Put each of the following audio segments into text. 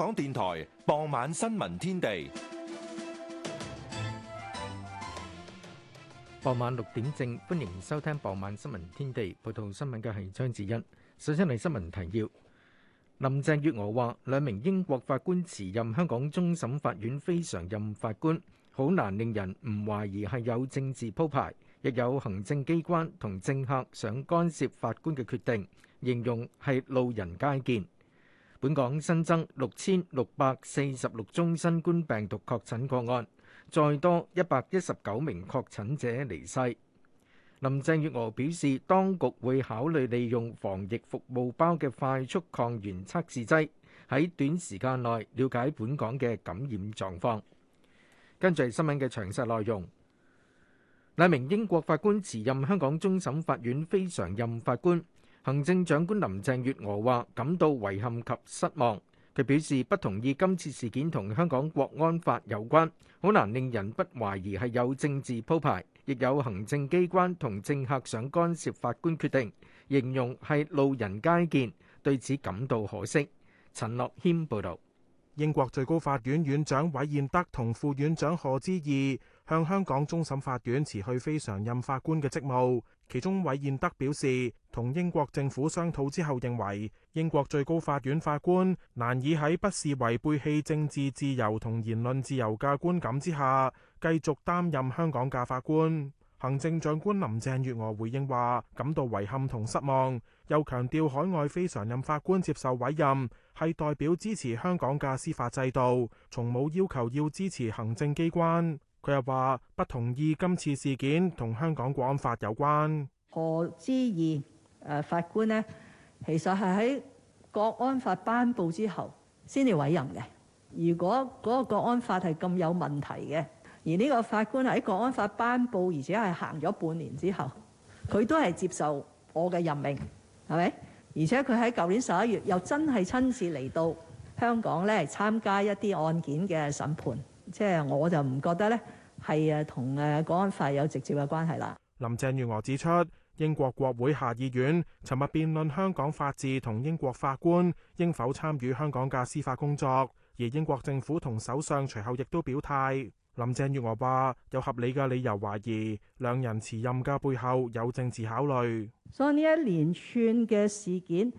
港電台傍晚新聞天地，傍晚六點正，歡迎收聽傍晚新聞天地。報道新聞嘅係張子欣，首先嚟,新聞提要。林鄭月娥話，兩名英國法官辭任香港終審法院非常任法官，好難令人唔懷疑係有政治鋪排，亦有行政機關同政客想干涉法官嘅決定，形容係路人皆見。本港新增六千六百四十六宗新冠病毒確診個案，再多一百一十九名確診者離世。林鄭月娥表示，當局會考慮利用防疫服務包嘅快速抗原測試劑，喺短時間內瞭解本港嘅感染狀況。跟住係新聞嘅詳細內容，兩名英國法官辭任香港終審法院非常任法官。行政長官林鄭月娥話感到遺憾及失望。佢表示不同意今次事件同香港國安法有關，好難令人不懷疑係有政治鋪排，亦有行政機關同政客想干涉法官決定，形容係路人皆見，對此感到可惜。陳樂謙報導。英國最高法院院長韋彥德同副院長賀知義，向香港終審法院辭去非常任法官嘅職務，其中韋彥德表示，同英國政府商討之後，認為英國最高法院法官難以喺不視違背棄政治自由同言論自由嘅觀感之下，繼續擔任香港嘅法官。行政長官林鄭月娥回應話，感到遺憾同失望，又強調海外非常任法官接受委任係代表支持香港嘅司法制度，從冇要求要支持行政機關。佢又話不同意今次事件同香港《國安法》有關。何之怡誒法官呢，其實係喺《國安法》頒布之後先至委任嘅。如果嗰個《國安法》係咁有問題嘅，而呢個法官喺《國安法》頒布而且係行咗半年之後，佢都係接受我嘅任命，係咪？而且佢喺舊年十一月又真係親自嚟到香港咧參加一啲案件嘅審判。即係我就唔覺得呢係誒同誒安法有直接嘅關係啦。林鄭月娥指出，英國國會下議院尋日辯論香港法治同英國法官應否參與香港嘅司法工作，而英國政府同首相隨後亦都表態。林鄭月娥話：有合理嘅理由懷疑兩人辭任嘅背後有政治考慮。所以呢一連串嘅事件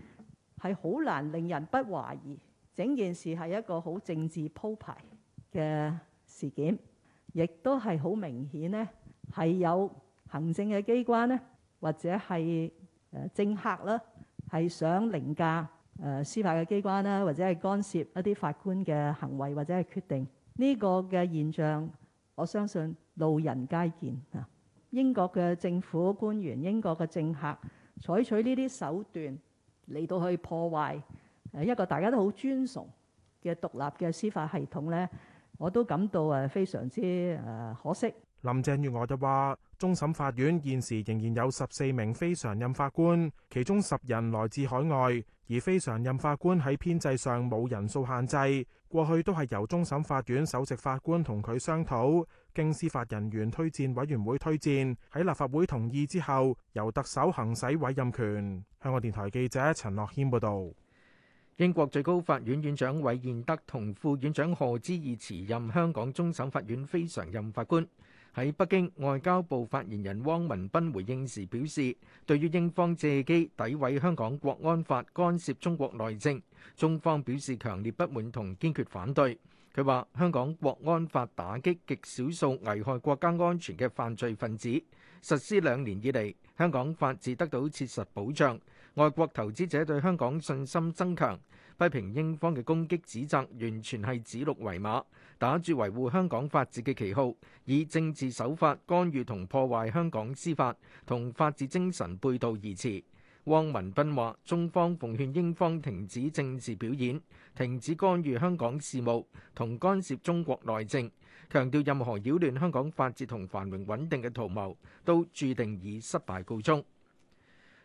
係好難令人不懷疑，整件事係一個好政治鋪排。嘅事件，亦都係好明顯咧，係有行政嘅機關咧，或者係誒、呃、政客啦，係想凌駕誒、呃、司法嘅機關啦，或者係干涉一啲法官嘅行為或者係決定呢、這個嘅現象，我相信路人皆見啊！英國嘅政府官員、英國嘅政客採取呢啲手段嚟到去破壞一個大家都好尊崇嘅獨立嘅司法系統咧。我都感到誒非常之誒可惜。林鄭月娥就話終審法院現時仍然有十四名非常任法官，其中十人來自海外。而非常任法官喺編制上冇人數限制。過去都係由終審法院首席法官同佢商討，經司法人員推薦委員會推薦，喺立法會同意之後，由特首行使委任權。香港電台記者陳樂謙報道。英國最高法院院長韋彥德同副院長賀知義辭任香港終審法院非常任法官。喺北京，外交部發言人汪文斌回應時表示，對於英方借機詆毀香港國安法、干涉中國內政，中方表示強烈不滿同堅決反對。佢話：香港國安法打擊極少數危害國家安全嘅犯罪分子，實施兩年以嚟，香港法治得到切實保障，外國投資者對香港信心增強。批評英方嘅攻擊指責完全係指鹿為馬，打著維護香港法治嘅旗號，以政治手法干預同破壞香港司法，同法治精神背道而馳。汪文斌話：中方奉勸英方停止政治表演，停止干預香港事務同干涉中國內政，強調任何擾亂香港法治同繁榮穩定嘅圖謀，都註定以失敗告終。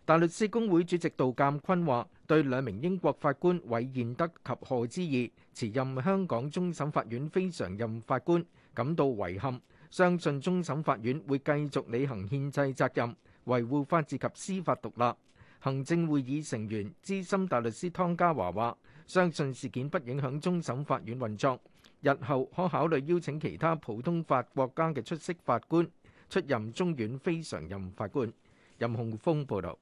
大律師公會主席杜鑑坤話，對兩名英國法官韋彥德及賀之義辭任香港終審法院非常任法官感到遺憾，相信終審法院會繼續履行憲制責任，維護法治及司法獨立。行政會議成員資深大律師湯家驊話，相信事件不影響終審法院運作，日後可考慮邀請其他普通法國家嘅出色法官出任終院非常任法官。任洪峰報道。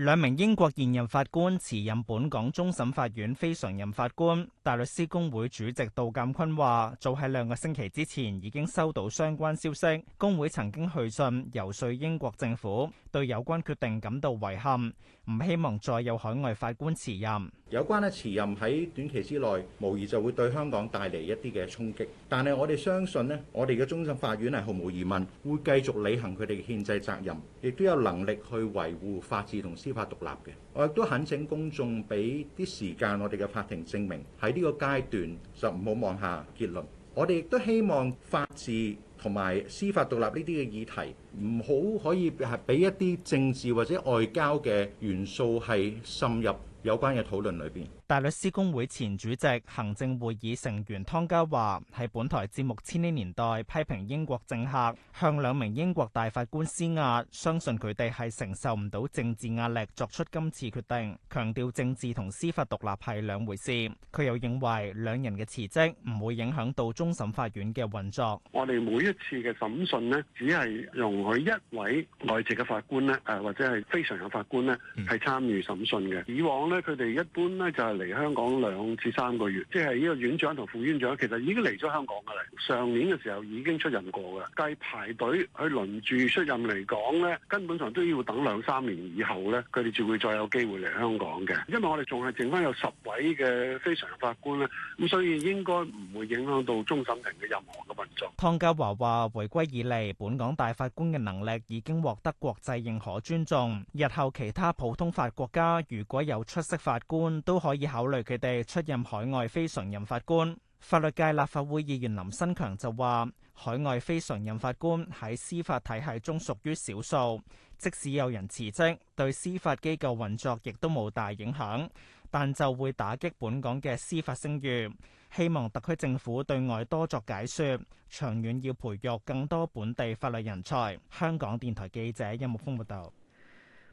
兩名英國現任法官辭任本港終審法院非常任法官，大律師公會主席杜鑑坤話：早喺兩個星期之前已經收到相關消息，公會曾經去信游說英國政府，對有關決定感到遺憾，唔希望再有海外法官辭任。有關嘅辭任喺短期之內，無疑就會對香港帶嚟一啲嘅衝擊。但係我哋相信呢我哋嘅終審法院係毫無疑問會繼續履行佢哋嘅憲制責任，亦都有能力去維護法治同司法獨立嘅。我亦都懇請公眾俾啲時間我哋嘅法庭證明，喺呢個階段就唔好妄下結論。我哋亦都希望法治同埋司法獨立呢啲嘅議題，唔好可以係俾一啲政治或者外交嘅元素係滲入有關嘅討論裏邊。大律師公會前主席、行政會議成員湯家驊喺本台節目《千禧年代》批評英國政客向兩名英國大法官施壓，相信佢哋係承受唔到政治壓力作出今次決定，強調政治同司法獨立係兩回事。佢又認為兩人嘅辭職唔會影響到終審法院嘅運作。我哋每一次嘅審訊呢，只係容許一位外籍嘅法官呢，誒或者係非常任法官呢，係參與審訊嘅。以往呢，佢哋一般呢就係、是，嚟香港兩至三個月，即係呢個院長同副院長其實已經嚟咗香港噶啦。上年嘅時候已經出任過噶啦，計排隊去輪住出任嚟講咧，根本上都要等兩三年以後咧，佢哋就會再有機會嚟香港嘅。因為我哋仲係剩翻有十位嘅非常法官咧，咁、嗯、所以應該唔會影響到終審庭嘅任何嘅運作。湯家驊話回歸以嚟，本港大法官嘅能力已經獲得國際認可尊重，日後其他普通法國家如果有出色法官，都可以。考慮佢哋出任海外非常任法官，法律界立法會議員林新強就話：海外非常任法官喺司法體系中屬於少數，即使有人辭職，對司法機構運作亦都冇大影響，但就會打擊本港嘅司法聲譽。希望特區政府對外多作解說，長遠要培育更多本地法律人才。香港電台記者殷木鋒報道。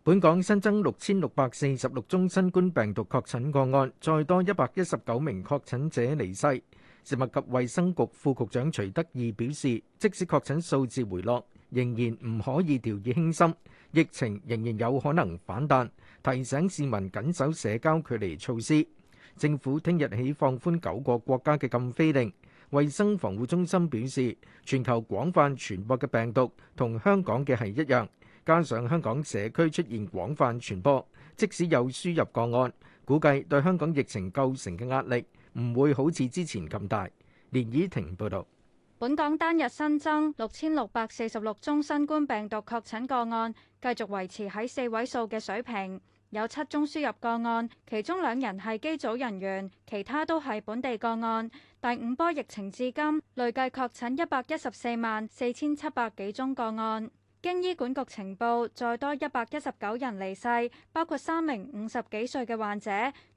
本港新增六千六百四十六宗新冠病毒確診個案，再多一百一十九名確診者離世。食物及衛生局副局長徐德義表示，即使確診數字回落，仍然唔可以掉以輕心，疫情仍然有可能反彈，提醒市民謹守社交距離措施。政府聽日起放寬九個國家嘅禁飛令。衛生防護中心表示，全球廣泛傳播嘅病毒同香港嘅係一樣。加上香港社區出現廣泛傳播，即使有輸入個案，估計對香港疫情構成嘅壓力唔會好似之前咁大。連倚婷報道，本港單日新增六千六百四十六宗新冠病毒確診個案，繼續維持喺四位數嘅水平。有七宗輸入個案，其中兩人係機組人員，其他都係本地個案。第五波疫情至今累計確診一百一十四萬四千七百幾宗個案。經醫管局情報，再多一百一十九人離世，包括三名五十幾歲嘅患者，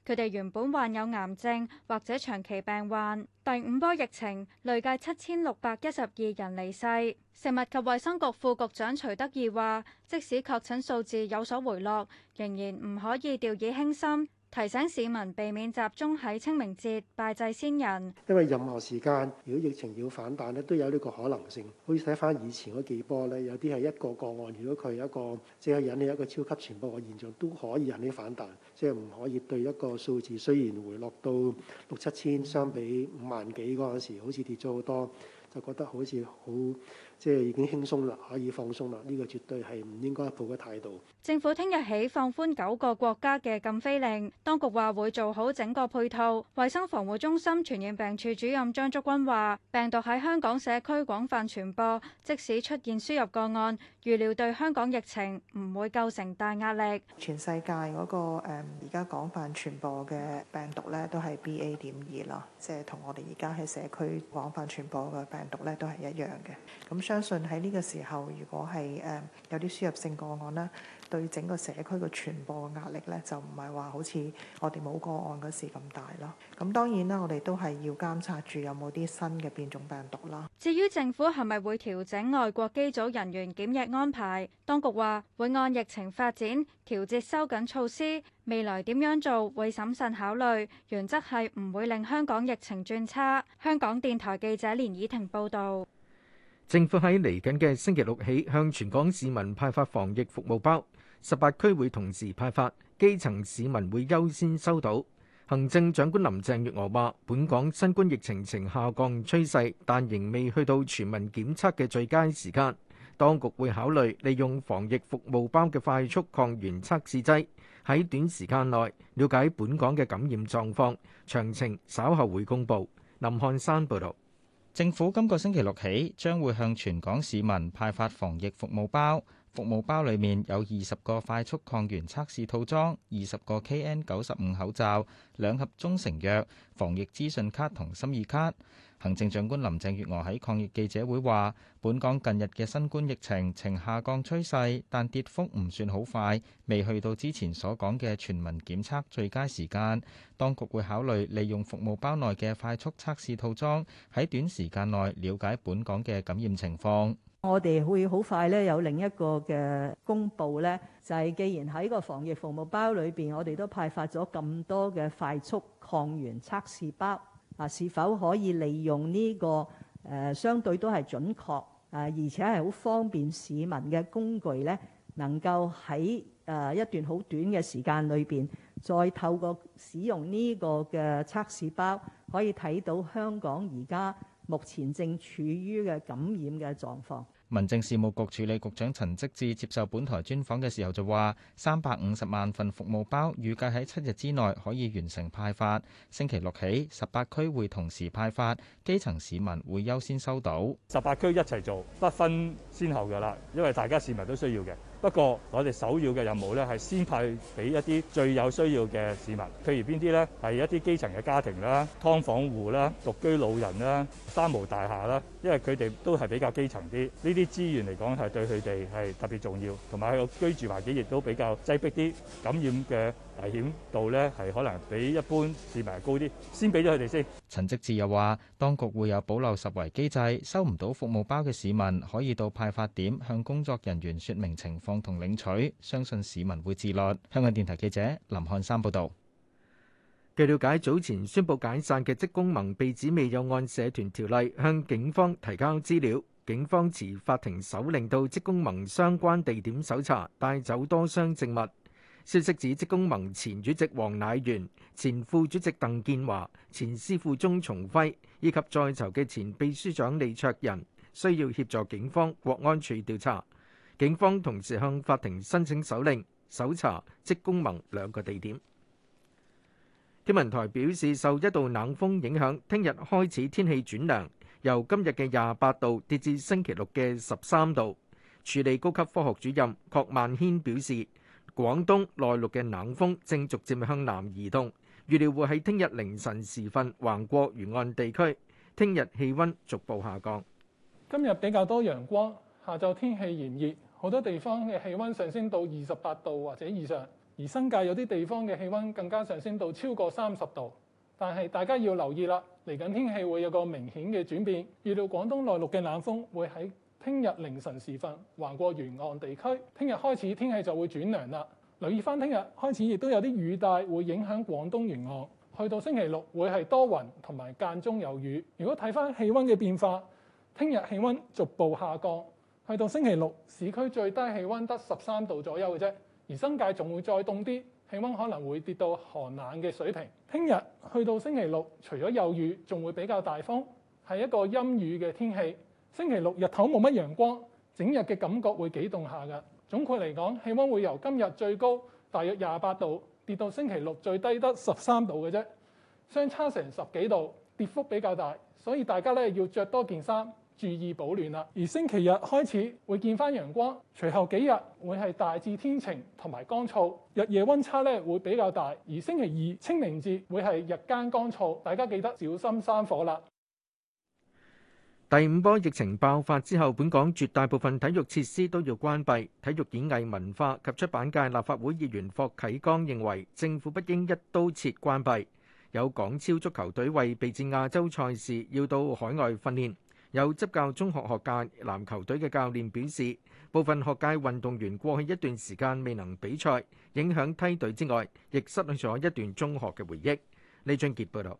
佢哋原本患有癌症或者長期病患。第五波疫情累計七千六百一十二人離世。食物及衛生局副局長徐德義話，即使確診數字有所回落，仍然唔可以掉以輕心。提醒市民避免集中喺清明節拜祭先人。因為任何時間如果疫情要反彈咧，都有呢個可能性。好似睇翻以前嗰幾波咧，有啲係一個個案，如果佢有一個即係、就是、引起一個超級傳播嘅現象，都可以引起反彈，即係唔可以對一個數字，雖然回落到六七千，相比五萬幾嗰陣時，好似跌咗好多，就覺得好似好。即係已經輕鬆啦，可以放鬆啦。呢、這個絕對係唔應該抱嘅態度。政府聽日起放寬九個國家嘅禁飛令，當局話會做好整個配套。衞生防護中心傳染病處主任張竹君話：病毒喺香港社區廣泛傳播，即使出現輸入個案，預料對香港疫情唔會構成大壓力。全世界嗰、那個誒而家廣泛傳播嘅病毒咧，都係 B A 點二啦，即係同我哋而家喺社區廣泛傳播嘅病毒咧，都係一樣嘅。咁。相信喺呢個時候，如果係誒有啲輸入性個案啦，對整個社區嘅傳播壓力咧，就唔係話好似我哋冇個案嗰時咁大咯。咁當然啦，我哋都係要監察住有冇啲新嘅變種病毒啦。至於政府係咪會調整外國機組人員檢疫安排？當局話會按疫情發展調節收緊措施，未來點樣做，會審慎考慮，原則係唔會令香港疫情轉差。香港電台記者連倚婷報道。政府喺嚟緊嘅星期六起，向全港市民派發防疫服務包，十八區會同時派發，基層市民會優先收到。行政長官林鄭月娥話：本港新冠疫情呈下降趨勢，但仍未去到全民檢測嘅最佳時間。當局會考慮利用防疫服務包嘅快速抗原測試劑，喺短時間內了解本港嘅感染狀況。詳情稍後會公布。林漢山報道。政府今個星期六起將會向全港市民派發防疫服務包，服務包裡面有二十個快速抗原測試套裝、二十個 KN95 口罩、兩盒中成藥、防疫資訊卡同心意卡。行政長官林鄭月娥喺抗疫記者會話,本港近日嘅新冠疫情呈下降趨勢,但跌幅唔算好快,未去到之前所講嘅全民檢測最佳時間,當局會考慮利用服務包內嘅快速測試套裝,喺短時間內了解本港嘅感染情況。啊，是否可以利用呢、呢個誒、呃、相對都係準確誒、呃，而且係好方便市民嘅工具咧，能夠喺誒、呃、一段好短嘅時間裏邊，再透過使用呢個嘅測試包，可以睇到香港而家目前正處於嘅感染嘅狀況。民政事務局處理局長陳積志接受本台專訪嘅時候就話，三百五十萬份服務包預計喺七日之內可以完成派發，星期六起十八區會同時派發，基層市民會優先收到。十八區一齊做，不分先後㗎喇，因為大家市民都需要嘅。不過，我哋首要嘅任務咧，係先派俾一啲最有需要嘅市民。譬如邊啲呢？係一啲基層嘅家庭啦、劏房戶啦、獨居老人啦、三無大廈啦，因為佢哋都係比較基層啲。呢啲資源嚟講係對佢哋係特別重要，同埋佢個居住環境亦都比較擠迫啲，感染嘅。危險度呢係可能比一般市民高啲，先俾咗佢哋先。陳積志又話，當局會有保留十圍機制，收唔到服務包嘅市民可以到派發點向工作人員說明情況同領取。相信市民會自律。香港電台記者林漢山報道。據瞭解，早前宣布解散嘅職工盟被指未有按社團條例向警方提交資料，警方持法庭手令到職工盟相關地點搜查，帶走多箱證物。消息指，職工盟前主席黃迺元、前副主席鄧建華、前司庫鐘崇輝以及在囚嘅前秘書長李卓人需要協助警方國安處調查。警方同時向法庭申請搜令搜查職工盟兩個地點。天文台表示，受一道冷鋒影響，聽日開始天氣轉涼，由今日嘅廿八度跌至星期六嘅十三度。署理高級科學主任郭萬軒表示。廣東內陸嘅冷風正逐漸向南移動，預料會喺聽日凌晨時分橫過沿岸地區。聽日氣温逐步下降。今日比較多陽光，下晝天氣炎熱，好多地方嘅氣温上升到二十八度或者以上，而新界有啲地方嘅氣温更加上升到超過三十度。但係大家要留意啦，嚟緊天氣會有個明顯嘅轉變，預料廣東內陸嘅冷風會喺聽日凌晨時分橫過沿岸地區，聽日開始天氣就會轉涼啦。留意返，聽日開始亦都有啲雨帶會影響廣東沿岸，去到星期六會係多雲同埋間中有雨。如果睇返氣温嘅變化，聽日氣温逐步下降，去到星期六市區最低氣温得十三度左右嘅啫，而新界仲會再凍啲，氣温可能會跌到寒冷嘅水平。聽日去到星期六，除咗有雨，仲會比較大風，係一個陰雨嘅天氣。星期六日頭冇乜陽光，整日嘅感覺會幾凍下㗎。總括嚟講，氣温會由今日最高大約廿八度，跌到星期六最低得十三度嘅啫，相差成十幾度，跌幅比較大，所以大家咧要着多件衫，注意保暖啦。而星期日開始會見返陽光，隨後幾日會係大致天晴同埋乾燥，日夜温差咧會比較大。而星期二清明節會係日間乾燥，大家記得小心生火啦。第五波疫情爆發之後，本港絕大部分體育設施都要關閉。體育演藝文化及出版界立法會議員霍啟剛認為，政府不應一刀切關閉。有港超足球隊為備戰亞洲賽事，要到海外訓練。有執教中學學界籃球隊嘅教練表示，部分學界運動員過去一段時間未能比賽，影響梯隊之外，亦失去咗一段中學嘅回憶。李俊傑報道。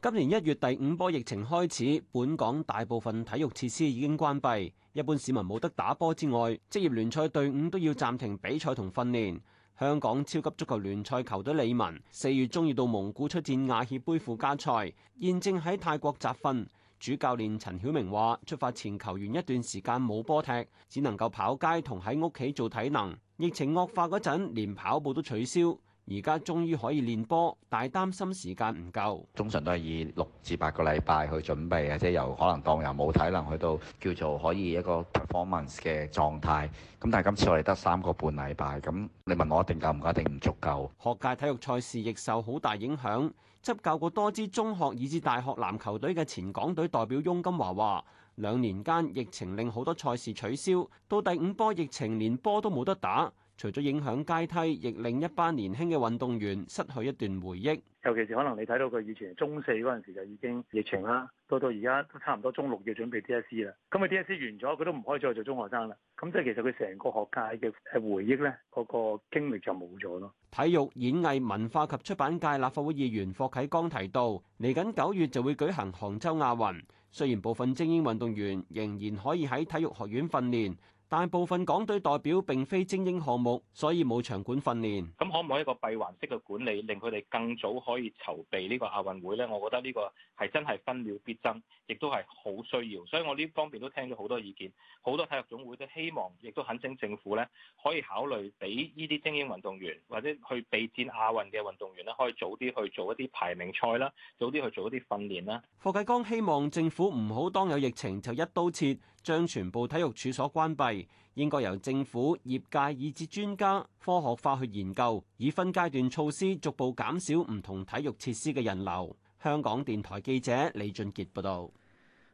今年一月第五波疫情開始，本港大部分體育設施已經關閉，一般市民冇得打波之外，職業聯賽隊伍都要暫停比賽同訓練。香港超級足球聯賽球隊理文四月中要到蒙古出戰亞協杯附加賽，現正喺泰國集訓。主教練陳曉明話出發前球員一段時間冇波踢，只能夠跑街同喺屋企做體能。疫情惡化嗰陣，連跑步都取消。而家終於可以練波，但係擔心時間唔夠。通常都係以六至八個禮拜去準備嘅，即係由可能當由冇體能去到叫做可以一個 performance 嘅狀態。咁但係今次我哋得三個半禮拜，咁你問我一定夠唔夠？一定唔足夠。學界體育賽事亦受好大影響。執教過多支中學以至大學籃球隊嘅前港隊代表翁金華話：兩年間疫情令好多賽事取消，到第五波疫情連波都冇得打。除咗影響階梯，亦令一班年輕嘅運動員失去一段回憶。尤其是可能你睇到佢以前中四嗰陣時就已經疫情啦，到到而家都差唔多中六要準備 DSE 啦。咁佢 DSE 完咗，佢都唔可以再做中學生啦。咁即係其實佢成個學界嘅誒回憶咧，嗰個經歷就冇咗咯。體育演藝文化及出版界立法會議員霍啟剛提到，嚟緊九月就會舉行杭州亞運，雖然部分精英運動員仍然可以喺體育學院訓練。大部分港隊代表並非精英項目，所以冇場館訓練。咁可唔可以一個閉環式嘅管理，令佢哋更早可以籌備呢個亞運會咧？我覺得呢個係真係分秒必爭，亦都係好需要。所以我呢方面都聽咗好多意見，好多體育總會都希望，亦都懇請政府咧，可以考慮俾呢啲精英運動員或者去備戰亞運嘅運動員咧，可以早啲去做一啲排名賽啦，早啲去做一啲訓練啦。霍啟剛希望政府唔好當有疫情就一刀切，將全部體育處所關閉，應該由政府、業界以至專家、科學化去研究，以分階段措施逐步減少唔同體育設施嘅人流。香港電台記者李俊杰報道：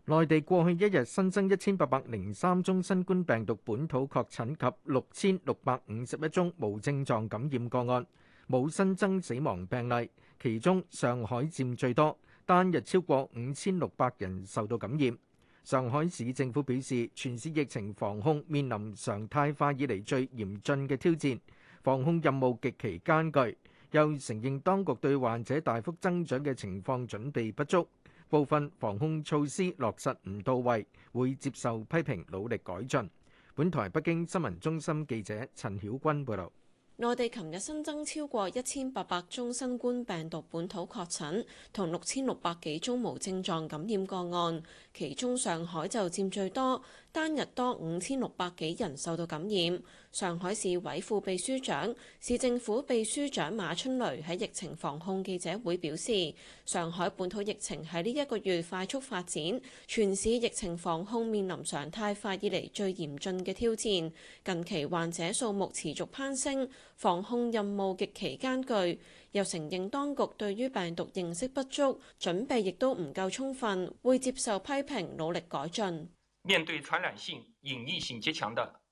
內地過去一日新增一千八百零三宗新冠病毒本土確診及六千六百五十一宗無症狀感染個案，冇新增死亡病例，其中上海佔最多，單日超過五千六百人受到感染。上海市政府表示，全市疫情防控面臨常態化以嚟最嚴峻嘅挑戰，防控任務極其艱巨，又承認當局對患者大幅增長嘅情況準備不足，部分防控措施落實唔到位，會接受批評，努力改進。本台北京新聞中心記者陳曉君報道。內地琴日新增超過一千八百宗新冠病毒本土確診，同六千六百幾宗無症狀感染個案，其中上海就佔最多，單日多五千六百幾人受到感染。上海市委副秘書長、市政府秘書長馬春雷喺疫情防控記者會表示：上海本土疫情喺呢一個月快速發展，全市疫情防控面臨常態化以嚟最嚴峻嘅挑戰。近期患者數目持續攀升，防控任務極其艱鉅。又承認當局對於病毒認識不足，準備亦都唔夠充分，會接受批評，努力改進。面對傳染性、隱匿性極強的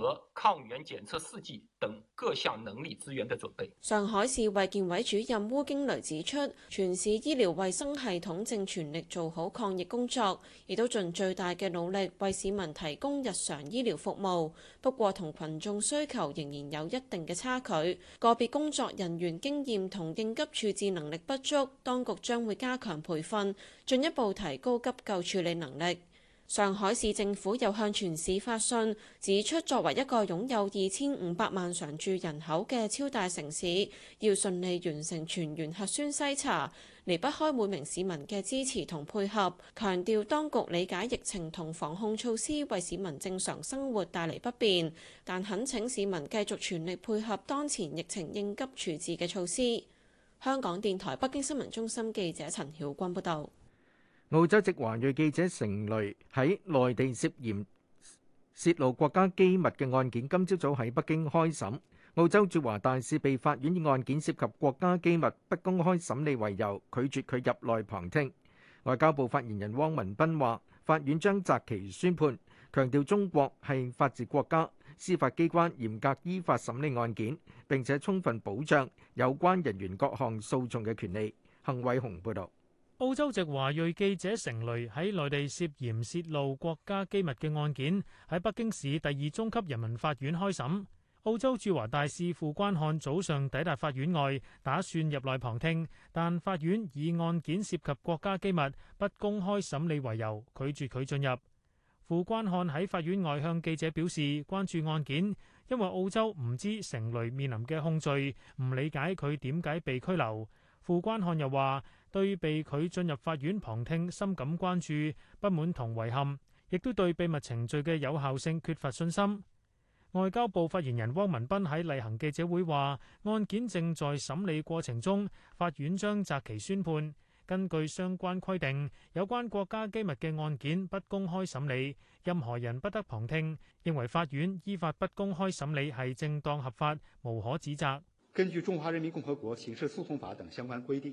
和抗原檢測試劑等各項能力資源的準備。上海市衛健委主任鄔驚雷指出，全市醫療衛生系統正全力做好抗疫工作，亦都盡最大的努力為市民提供日常醫療服務，不過同群眾需求仍然有一定的差距，個別工作人員經驗同應急處置能力不足，當局將會加強培訓，進一步提高急救處理能力。上海市政府又向全市發信，指出作為一個擁有二千五百萬常住人口嘅超大城市，要順利完成全員核酸篩查，離不開每名市民嘅支持同配合。強調當局理解疫情同防控措施為市民正常生活帶嚟不便，但懇請市民繼續全力配合當前疫情應急處置嘅措施。香港電台北京新聞中心記者陳曉君報道。澳洲籍華裔記者成蕾喺內地涉嫌泄露國家機密嘅案件，今朝早喺北京開審。澳洲駐華大使被法院以案件涉及國家機密、不公開審理為由，拒絕佢入內旁聽。外交部發言人汪文斌話：法院將擇期宣判，強調中國係法治國家，司法機關嚴格依法審理案件，並且充分保障有關人員各項訴訟嘅權利。幸偉雄報導。澳洲籍華裔記者成蕾喺內地涉嫌泄露國家機密嘅案件喺北京市第二中級人民法院開審。澳洲駐華大使傅關漢早上抵達法院外，打算入內旁聽，但法院以案件涉及國家機密，不公開審理為由，拒絕佢進入。傅關漢喺法院外向記者表示，關注案件，因為澳洲唔知成蕾面臨嘅控罪，唔理解佢點解被拘留。傅關漢又話。對被拒進入法院旁聽，深感關注，不滿同遺憾，亦都對秘密程序嘅有效性缺乏信心。外交部發言人汪文斌喺例行記者會話，案件正在審理過程中，法院將擇期宣判，根據相關規定，有關國家機密嘅案件不公開審理，任何人不得旁聽，認為法院依法不公開審理係正當合法無可指責。根據《中華人民共和國刑事訴訟法》等相關規定。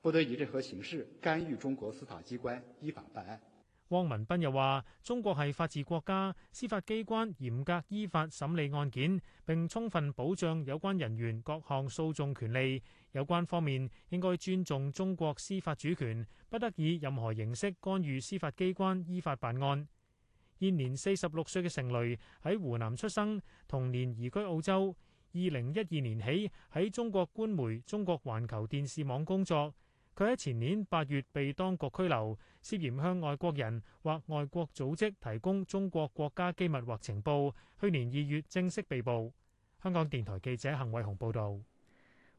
不得以任何形式干預中國司法機關依法辦案。汪文斌又話中國係法治國家，司法機關嚴格依法審理案件，並充分保障有關人員各項訴訟權利。有關方面應該尊重中國司法主權，不得以任何形式干預司法機關依法辦案。現年四十六歲嘅成蕾喺湖南出生，同年移居澳洲。二零一二年起喺中國官媒《中國環球電視網》工作。佢喺前年八月被當局拘留，涉嫌向外國人或外國組織提供中國國家機密或情報。去年二月正式被捕。香港電台記者幸偉雄報導。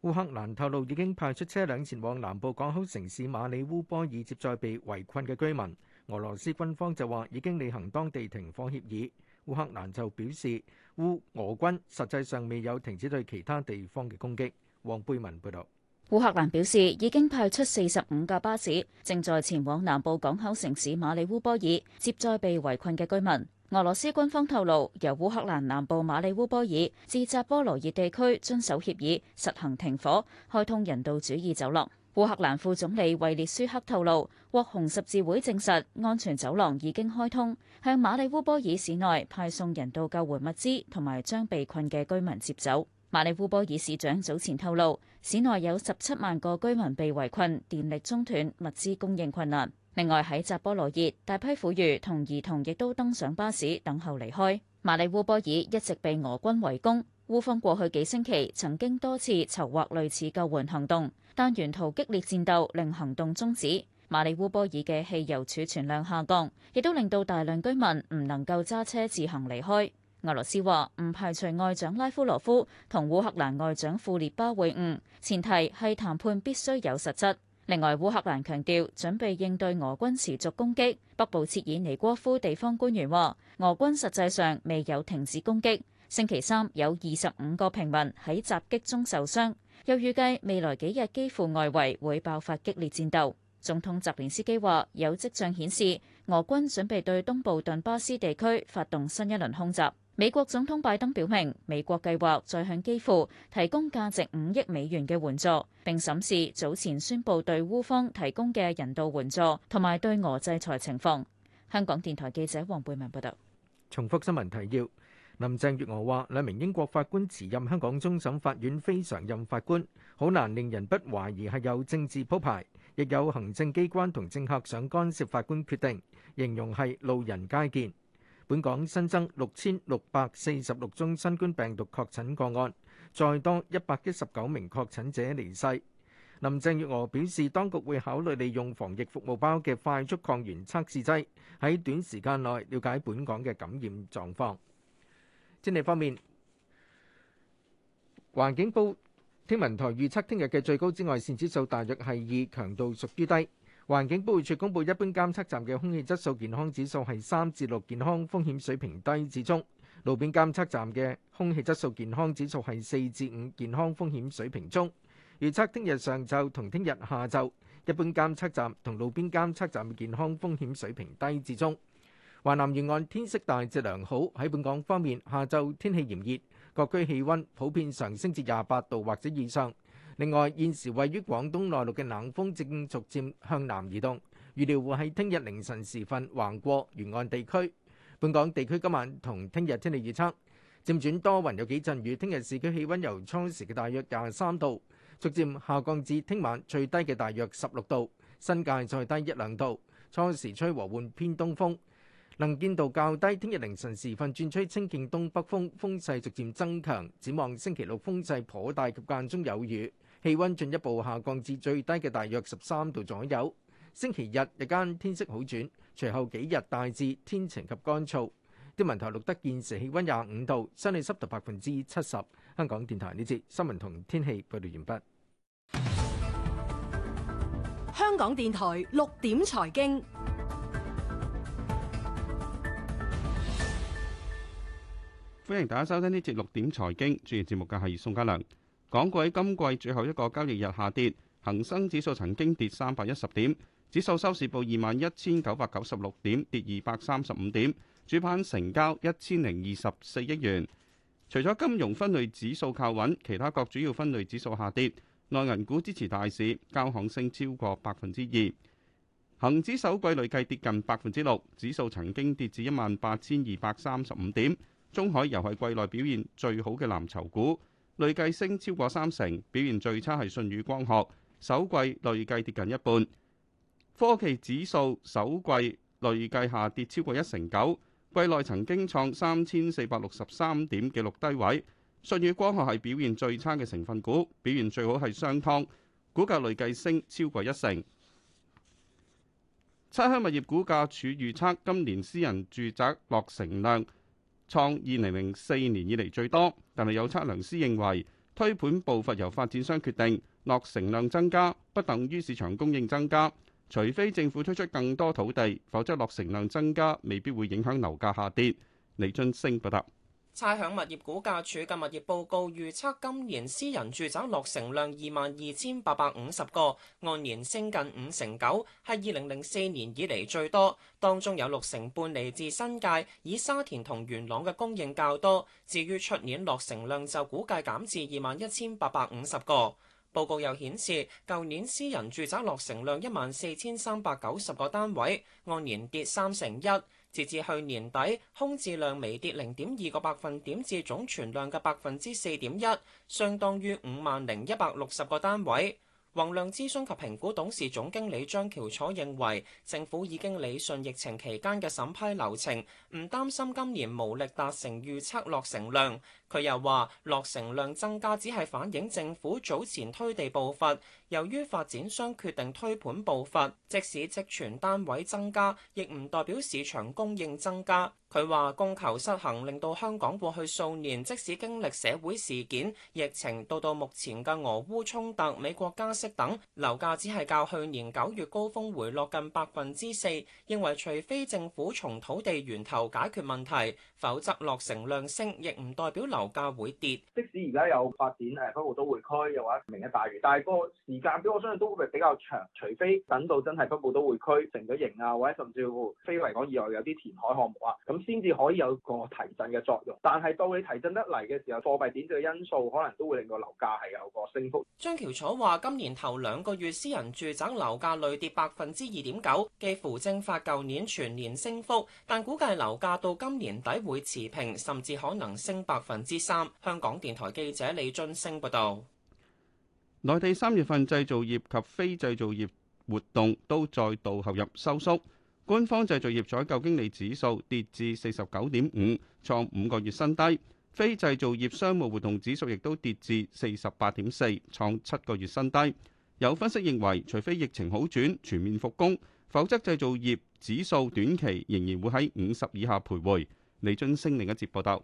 烏克蘭透露已經派出車輛前往南部港口城市馬里烏波爾接載被圍困嘅居民。俄羅斯軍方就話已經履行當地停火協議。烏克蘭就表示烏俄軍實際上未有停止對其他地方嘅攻擊。黃貝文報導。烏克蘭表示已經派出四十五架巴士，正在前往南部港口城市馬里烏波爾接載被圍困嘅居民。俄羅斯軍方透露，由烏克蘭南部馬里烏波爾至扎波羅熱地區遵守協議實行停火，開通人道主義走廊。烏克蘭副總理維列舒克透露，獲紅十字會證實安全走廊已經開通，向馬里烏波爾市內派送人道救援物資同埋將被困嘅居民接走。馬里烏波爾市長早前透露，市內有十七萬個居民被圍困，電力中斷，物資供應困難。另外喺扎波羅熱，大批婦孺同兒童亦都登上巴士等候離開。馬里烏波爾一直被俄軍圍攻，烏方過去幾星期曾經多次籌劃類似救援行動，但沿途激烈戰鬥令行動終止。馬里烏波爾嘅汽油儲存量下降，亦都令到大量居民唔能夠揸車自行離開。俄羅斯話唔排除外長拉夫羅夫同烏克蘭外長庫列巴會晤，前提係談判必須有實質。另外，烏克蘭強調準備應對俄軍持續攻擊。北部切爾尼戈夫地方官員話，俄軍實際上未有停止攻擊。星期三有二十五個平民喺襲擊中受傷，又預計未來幾日幾乎外圍會爆發激烈戰鬥。總統澤連斯基話，有跡象顯示俄軍準備對東部頓巴斯地區發動新一輪空襲。美國總統拜登表明，美國計劃再向基輔提供價值五億美元嘅援助，並審視早前宣布對烏方提供嘅人道援助同埋對俄制裁情況。香港電台記者黃貝文報道。重複新聞提要：林鄭月娥話，兩名英國法官辭任香港終審法院非常任法官，好難令人不懷疑係有政治鋪排，亦有行政機關同政客想干涉法官決定，形容係路人皆見。本港新增六千六百四十六宗新冠病毒確診個案，再多一百一十九名確診者離世。林鄭月娥表示，當局會考慮利用防疫服務包嘅快速抗原測試劑，喺短時間內了解本港嘅感染狀況。天氣方面，環境部天文台預測，聽日嘅最高紫外線指數大約係二，強度屬於低。環境保護署公布，一般監測站嘅空氣質素健康指數係三至六，健康風險水平低至中；路邊監測站嘅空氣質素健康指數係四至五，健康風險水平中。預測聽日上晝同聽日下晝，一般監測站同路邊監測站嘅健康風險水平低至中。華南沿岸天色大致良好，喺本港方面，下晝天氣炎熱，各區氣温普遍上升至廿八度或者以上。另外，現時位於廣東內陸嘅冷鋒正逐漸向南移動，預料會喺聽日凌晨時分橫過沿岸地區。本港地區今晚同聽日天氣預測漸轉多雲，有幾陣雨。聽日市區氣温由初時嘅大約廿三度，逐漸下降至聽晚最低嘅大約十六度，新界再低一兩度。初時吹和緩偏東風，能見度較低。聽日凌晨時分轉吹清勁東北風，風勢逐漸增強。展望星期六風勢頗大及間中有雨。氣溫進一步下降至最低嘅大約十三度左右。星期日日間天色好轉，隨後幾日大致天晴及乾燥。天文台錄得現時氣溫廿五度，相對濕度百分之七十。香港電台呢節新聞同天氣報道完畢。香港電台六點財經，歡迎大家收聽呢節六點財經。主持節目嘅係宋嘉良。港股今季最後一個交易日下跌，恒生指數曾經跌三百一十點，指數收市報二萬一千九百九十六點，跌二百三十五點，主板成交一千零二十四億元。除咗金融分類指數靠穩，其他各主要分類指數下跌，內銀股支持大市，交行升超過百分之二，恒指首季累計跌近百分之六，指數曾經跌至一萬八千二百三十五點，中海油係季內表現最好嘅藍籌股。累計升超過三成，表現最差係舜宇光學，首季累計跌近一半。科技指數首季累計下跌超過一成九，季內曾經創三千四百六十三點紀錄低位。舜宇光學係表現最差嘅成分股，表現最好係商湯，股價累計升超過一成。差餉物業估價署預測今年私人住宅落成量。創二零零四年以嚟最多，但係有測量師認為推盤步伐由發展商決定，落成量增加不等於市場供應增加，除非政府推出更多土地，否則落成量增加未必會影響樓價下跌。李俊升報道。差餉物業估價處嘅物業報告預測，今年私人住宅落成量二萬二千八百五十個，按年升近五成九，係二零零四年以來最多。當中有六成半嚟自新界，以沙田同元朗嘅供應較多。至於出年落成量就估計減至二萬一千八百五十個。報告又顯示，舊年私人住宅落成量一萬四千三百九十個單位，按年跌三成一。截至去年底，空置量微跌零點二個百分點至總存量嘅百分之四點一，相當於五萬零一百六十個單位。宏量諮詢及評估董事總經理張橋楚認為，政府已經理順疫情期間嘅審批流程，唔擔心今年無力達成預測落成量。佢又話：落成量增加只係反映政府早前推地步伐，由於發展商決定推盤步伐，即使積存單位增加，亦唔代表市場供應增加。佢話供求失衡令到香港過去數年，即使經歷社會事件、疫情，到到目前嘅俄烏衝突、美國加息等，樓價只係較去年九月高峰回落近百分之四。認為除非政府從土地源頭解決問題，否則落成量升亦唔代表樓。樓價會跌，即使而家有發展誒北部都會區嘅話，明日大嶼。但係個時間表我相信都會比較長，除非等到真係北部都會區成咗型啊，或者甚至乎非維港以外有啲填海項目啊，咁先至可以有個提振嘅作用。但係到你提振得嚟嘅時候，貨幣點嘅因素可能都會令個樓價係有個升幅。張橋楚話：今年頭兩個月私人住宅樓價累跌百分之二點九，幾乎蒸發舊年全年升幅，但估計樓價到今年底會持平，甚至可能升百分。之三，香港電台記者李俊升報道，內地三月份製造業及非製造業活動都再度陷入收縮。官方製造業採購經理指數跌至四十九點五，創五個月新低；非製造業商務活動指數亦都跌至四十八點四，創七個月新低。有分析認為，除非疫情好轉、全面復工，否則製造業指數短期仍然會喺五十以下徘徊。李俊升另一節報道。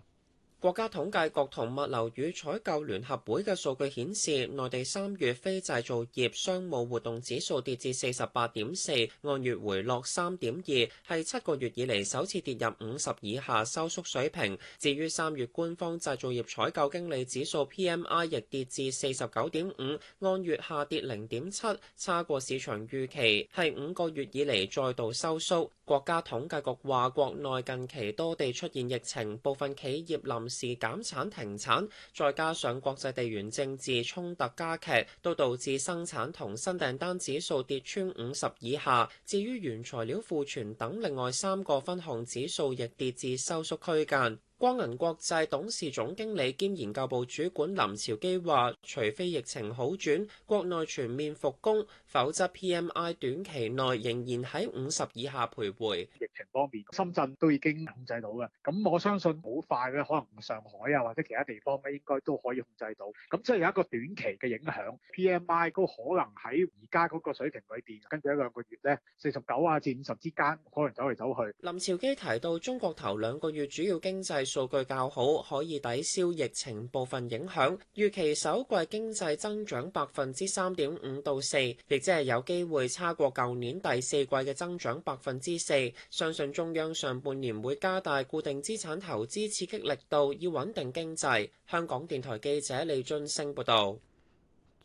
國家統計局同物流與採購聯合會嘅數據顯示，內地三月非製造業商務活動指數跌至四十八點四，按月回落三點二，係七個月以嚟首次跌入五十以下收縮水平。至於三月官方製造業採購經理指數 PMI 亦跌至四十九點五，按月下跌零點七，差過市場預期，係五個月以嚟再度收縮。國家統計局話，國內近期多地出現疫情，部分企業臨時減產停產，再加上國際地緣政治衝突加劇，都導致生產同新訂單指數跌穿五十以下。至於原材料庫存等另外三個分項指數亦跌至收縮區間。光銀國際董事總經理兼研究部主管林朝基話，除非疫情好轉，國內全面復工，否則 P M I 短期內仍然喺五十以下徘徊。疫情方面，深圳都已經控制到嘅，咁我相信好快咧，可能上海啊或者其他地方咧，應該都可以控制到。咁即係有一個短期嘅影響，P M I 都可能喺而家嗰個水平裏邊，跟住一兩個月咧，四十九啊至五十之間，可能走嚟走去。林朝基提到，中國頭兩個月主要經濟。數據較好，可以抵消疫情部分影響，預期首季經濟增長百分之三點五到四，亦即係有機會差過舊年第四季嘅增長百分之四。相信中央上半年會加大固定資產投資刺激力度，以穩定經濟。香港電台記者李俊升報道。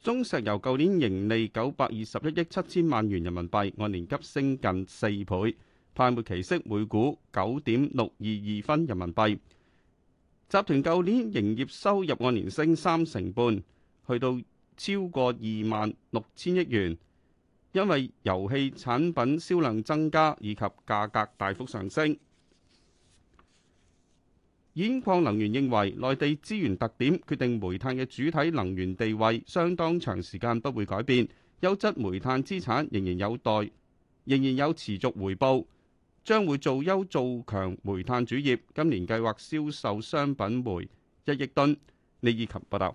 中石油舊年盈利九百二十一億七千萬元人民幣，按年急升近四倍。派末期息每股九點六二二分人民幣。集團舊年營業收入按年升三成半，去到超過二萬六千億元，因為油氣產品銷量增加以及價格大幅上升。兗礦能源認為，內地資源特點決定煤炭嘅主體能源地位相當長時間不會改變，優質煤炭資產仍然有待，仍然有持續回報。將會做優做強煤炭主業，今年計劃銷售商品煤一億噸。李爾琴報道。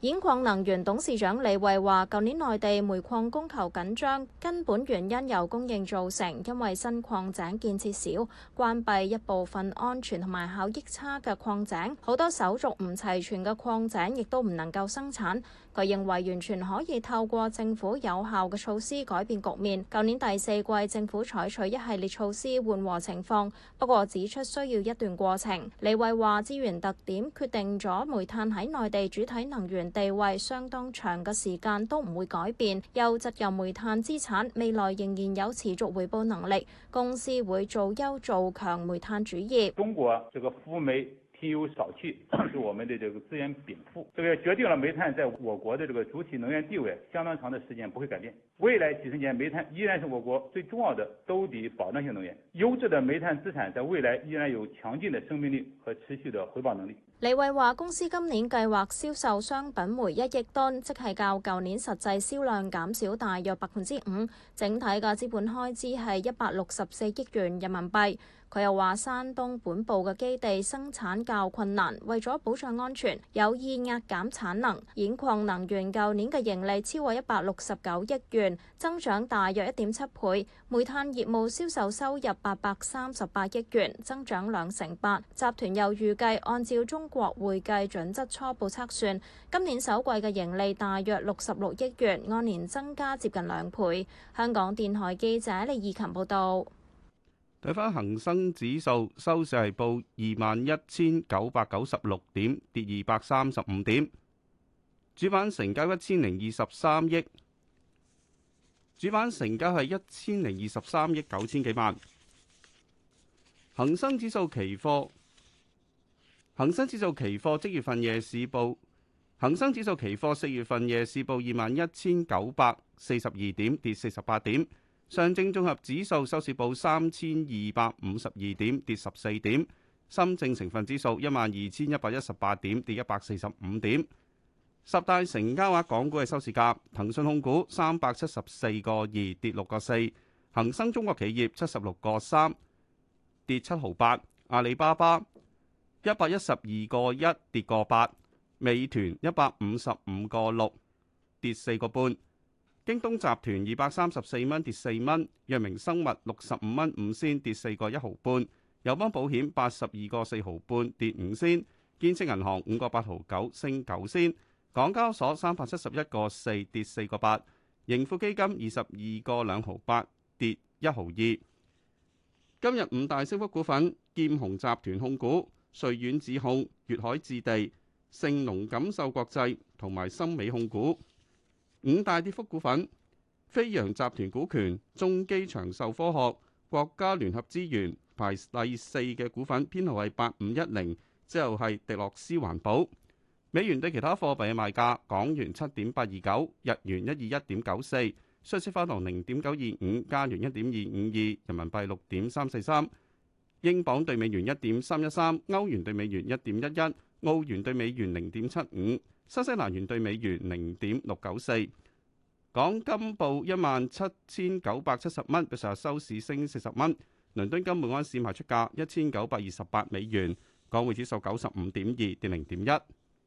兗礦能源董事長李慧話：舊年內地煤礦供求緊張，根本原因由供應造成，因為新礦井建設少，關閉一部分安全同埋效益差嘅礦井，好多手續唔齊全嘅礦井亦都唔能夠生產。佢認為完全可以透過政府有效嘅措施改變局面。舊年第四季政府採取一系列措施緩和情況，不過指出需要一段過程。李慧話：資源特點決定咗煤炭喺內地主體能源地位相當長嘅時間都唔會改變，又質優煤炭資產未來仍然有持續回報能力。公司會做優做強煤炭主業。中國啊，富美。既有少氣是我們的這個資源稟賦，這個決定了煤炭在我國的這個主體能源地位，相當長的時間不會改變。未來幾十年，煤炭依然是我國最重要的兜底保障性能源。優質的煤炭資產在未來依然有強勁的生命力和持續的回報能力。李衛話：公司今年計劃銷售商品煤一億噸，即係較舊年實際銷量減少大約百分之五。整體嘅資本開支係一百六十四億元人民幣。佢又話，山東本部嘅基地生產較困難，為咗保障安全，有意壓減產能。兗礦能源舊年嘅盈利超過一百六十九億元，增長大約一點七倍。煤炭業務銷售收入八百三十八億元，增長兩成八。集團又預計，按照中國會計準則初步測算，今年首季嘅盈利大約六十六億元，按年增加接近兩倍。香港電台記者李義琴報道。睇翻恒生指數收市係報二萬一千九百九十六點，跌二百三十五點。主板成交一千零二十三億，主板成交係一千零二十三億九千幾萬。恒生指數期貨，恒生指數期貨即月份夜市報，恒生指數期貨四月份夜市報二萬一千九百四十二點，跌四十八點。上證綜合指數收市報三千二百五十二點，跌十四點。深證成分指數一萬二千一百一十八點，跌一百四十五點。十大成交額港股嘅收市價：騰訊控股三百七十四個二跌六個四，恒生中國企業七十六個三跌七毫八，阿里巴巴一百一十二個一跌個八，美團一百五十五個六跌四個半。京東集團二百三十四蚊跌四蚊，藥明生物六十五蚊五仙跌四個一毫半，友邦保險八十二個四毫半跌五仙，建設銀行五個八毫九升九仙，港交所三百七十一個四跌四個八，盈富基金二十二個兩毫八跌一毫二。今日五大升幅股份：劍虹集團控股、瑞遠智控、粵海置地、盛龍錦秀國際同埋森美控股。五大跌幅股份：飛揚集團股權、中基長壽科學、國家聯合資源排第四嘅股份，編號係八五一零。之後係迪洛斯環保。美元對其他貨幣嘅賣價：港元七點八二九，日元一二一點九四，瑞士法郎零點九二五，加元一點二五二，人民幣六點三四三，英鎊對美元一點三一三，歐元對美元一點一一，澳元對美元零點七五。新西蘭元兌美元零點六九四，港金報一萬七千九百七十蚊，比上日收市升四十蚊。倫敦金每盎司賣出價一千九百二十八美元，港匯指數九十五點二，跌零點一。